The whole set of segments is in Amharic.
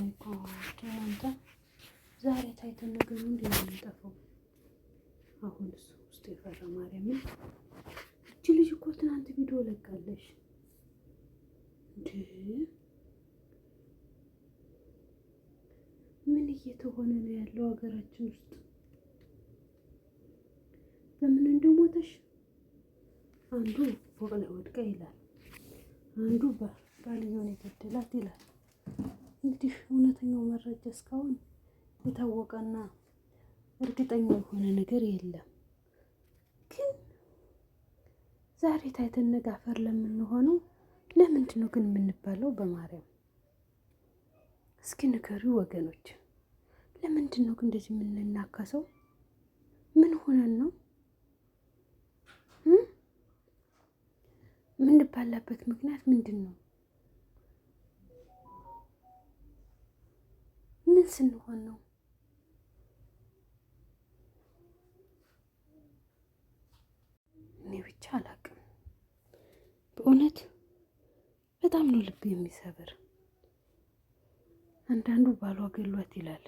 ወይ ጉድ! አንተ ዛሬ ታይተ ነገሩ እንዴት ነው የሚጠፋው? አሁን እሱ ውስጥ የፈራ ማርያምን እቺ ልጅ እኮ ትናንት ቪዲዮ ለቃለች። እንዴ! ምን እየተሆነ ነው ያለው ሀገራችን ውስጥ? በምን እንደሞተሽ አንዱ ፎቅ ላይ ወድቃ ይላል፣ አንዱ ባልየውን የገደላት ይላል እንግዲህ እውነተኛው መረጃ እስካሁን የታወቀና እርግጠኛ የሆነ ነገር የለም። ግን ዛሬ ታይተን ነገ አፈር ለምንሆነው ለምንድን ነው ግን የምንባለው? በማርያም እስኪ ንገሪ ወገኖች፣ ለምንድን ነው ግን እንደዚህ የምንናከሰው? ምን ሆነን ነው የምንባላበት? ምክንያት ምንድን ነው? ስንሆን ነው። እኔ ብቻ አላቅም። በእውነት በጣም ነው ልብ የሚሰብር። አንዳንዱ ባሏ ገሏት ይላል፣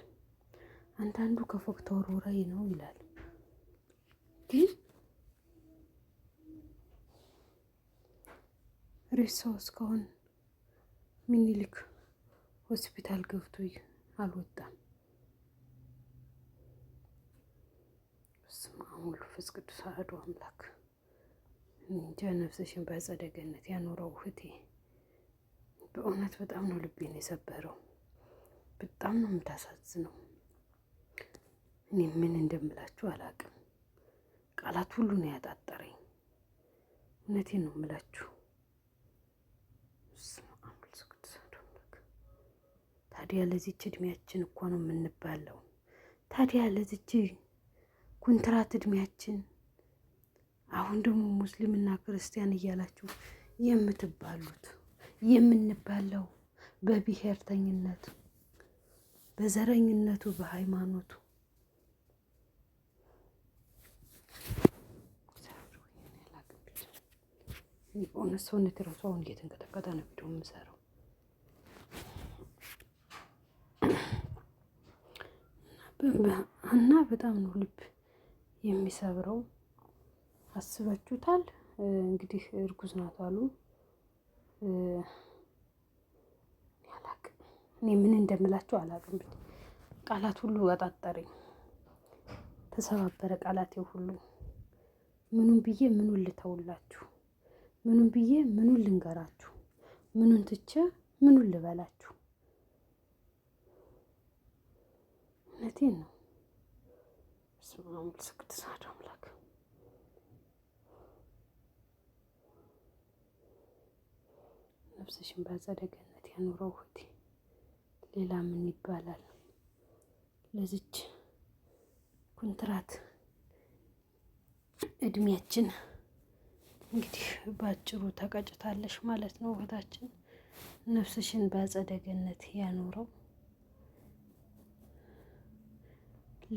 አንዳንዱ ከፎቅ ተወርውራይ ነው ይላል። ግን ሬሳው እስካሁን ምኒልክ ሆስፒታል ገብቶ አልወጣም። በስመ አብ ወወልድ ወመንፈስ ቅዱስ አሐዱ አምላክ። እንጃ ነፍስሽን በአጸደ ገነት ያኖረው እህቴ፣ በእውነት በጣም ነው ልቤን የሰበረው። በጣም ነው የምታሳዝነው። እኔ ምን እንደምላችሁ አላቅም። ቃላት ሁሉ ነው ያጣጠረኝ። እውነቴን ነው የምላችሁ። ታዲያ ለዚች እድሜያችን እኮ ነው የምንባለው። ታዲያ ለዚች ኩንትራት እድሜያችን አሁን ደግሞ ሙስሊምና ክርስቲያን እያላችሁ የምትባሉት የምንባለው በብሔርተኝነቱ፣ በዘረኝነቱ፣ በሃይማኖቱ ሰውነት ረሷ እንዴት እንቀጠቀጠ ነው የምሰራው እና በጣም ነው ልብ የሚሰብረው። አስባችሁታል? እንግዲህ እርጉዝ ናት አሉ። እኔ ምን እንደምላችሁ አላቅም። ቃላት ሁሉ አጣጠረኝ፣ ተሰባበረ ቃላቴ ሁሉ። ምኑን ብዬ ምኑን ልተውላችሁ? ምኑን ብዬ ምኑን ልንገራችሁ? ምኑን ትቼ ምኑን ልበላችሁ? እውነቴን ነው። ስማ ስክት ሳዶ አምላክ ነፍስሽን በአጸደ ገነት ያኑረው። ሌላ ምን ይባላል? ለዚች ኮንትራት እድሜያችን እንግዲህ ባጭሩ ተቀጭታለሽ ማለት ነው። እህታችን ነፍስሽን በአጸደ ገነት ያኑረው።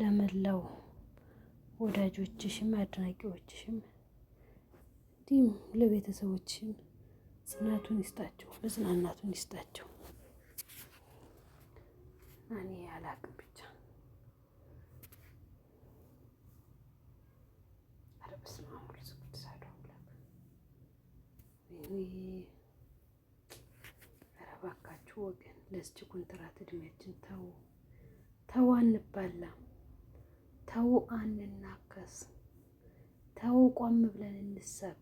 ለመላው ወዳጆችሽም አድናቂዎችሽም እንዲሁም ለቤተሰቦችሽም ጽናቱን ይስጣቸው፣ መጽናናቱን ይስጣቸው። እኔ አላቅም ብቻ እባካችሁ ወገን ለዚች ኮንትራት እድሜያችን ተው ተው አንባላ። ተው አንናከስ፣ ተው ቆም ብለን እንሰብ፣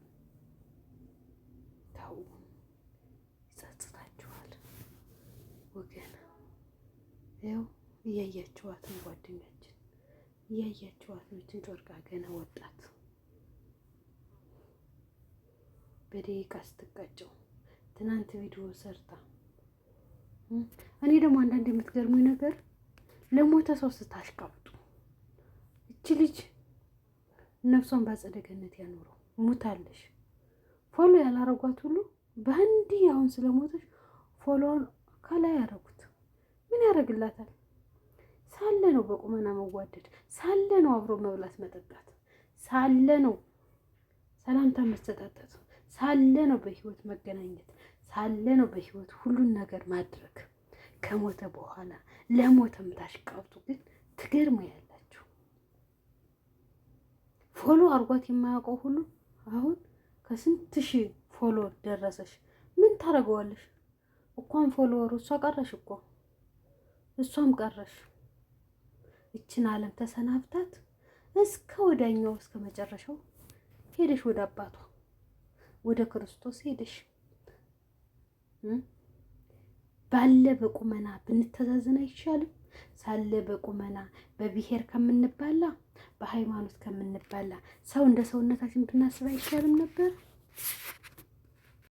ተው ይጸጽታችኋል ወገን። ይኸው እያያችኋት ነው ጓደኛችን፣ እያያችኋት ነው ይችን ገና ወጣት በደቂቃ ስትቀጨው ትናንት ቪዲዮ ሰርታ። እኔ ደግሞ አንዳንድ የምትገርሙኝ ነገር ለሞተ ሰው ስታሽቀብ እቺ ልጅ ነፍሷን ባጸደ ገነት ያኖረው ሙታለሽ። ፎሎ ያላረጓት ሁሉ በአንድ አሁን ስለሞተች ፎሎዋን ከላይ ያረጉት ምን ያደርግላታል? ሳለ ነው በቁመና መዋደድ፣ ሳለ ነው አብሮ መብላት መጠጣት፣ ሳለ ነው ሰላምታ መሰጣጠቱ፣ ሳለ ነው በህይወት መገናኘት፣ ሳለ ነው በህይወት ሁሉን ነገር ማድረግ። ከሞተ በኋላ ለሞተ ምታሽቃብጡ ግን ያለ ፎሎ አርጓት የማያውቀው ሁሉ አሁን ከስንት ሺ ፎሎ ደረሰሽ። ምን ታደርገዋለሽ? እኳን ፎሎወሩ እሷ ቀረሽ እኮ እሷም ቀረሽ። ይችን ዓለም ተሰናብታት እስከ ወዳኛው እስከ መጨረሻው ሄደሽ ወደ አባቷ ወደ ክርስቶስ ሄደሽ ባለ በቁመና ብንተዛዘን አይቻልም? ሳለ በቁመና በብሔር ከምንባላ በሃይማኖት ከምንባላ ሰው እንደ ሰውነታችን ብናስብ አይሻልም ነበር?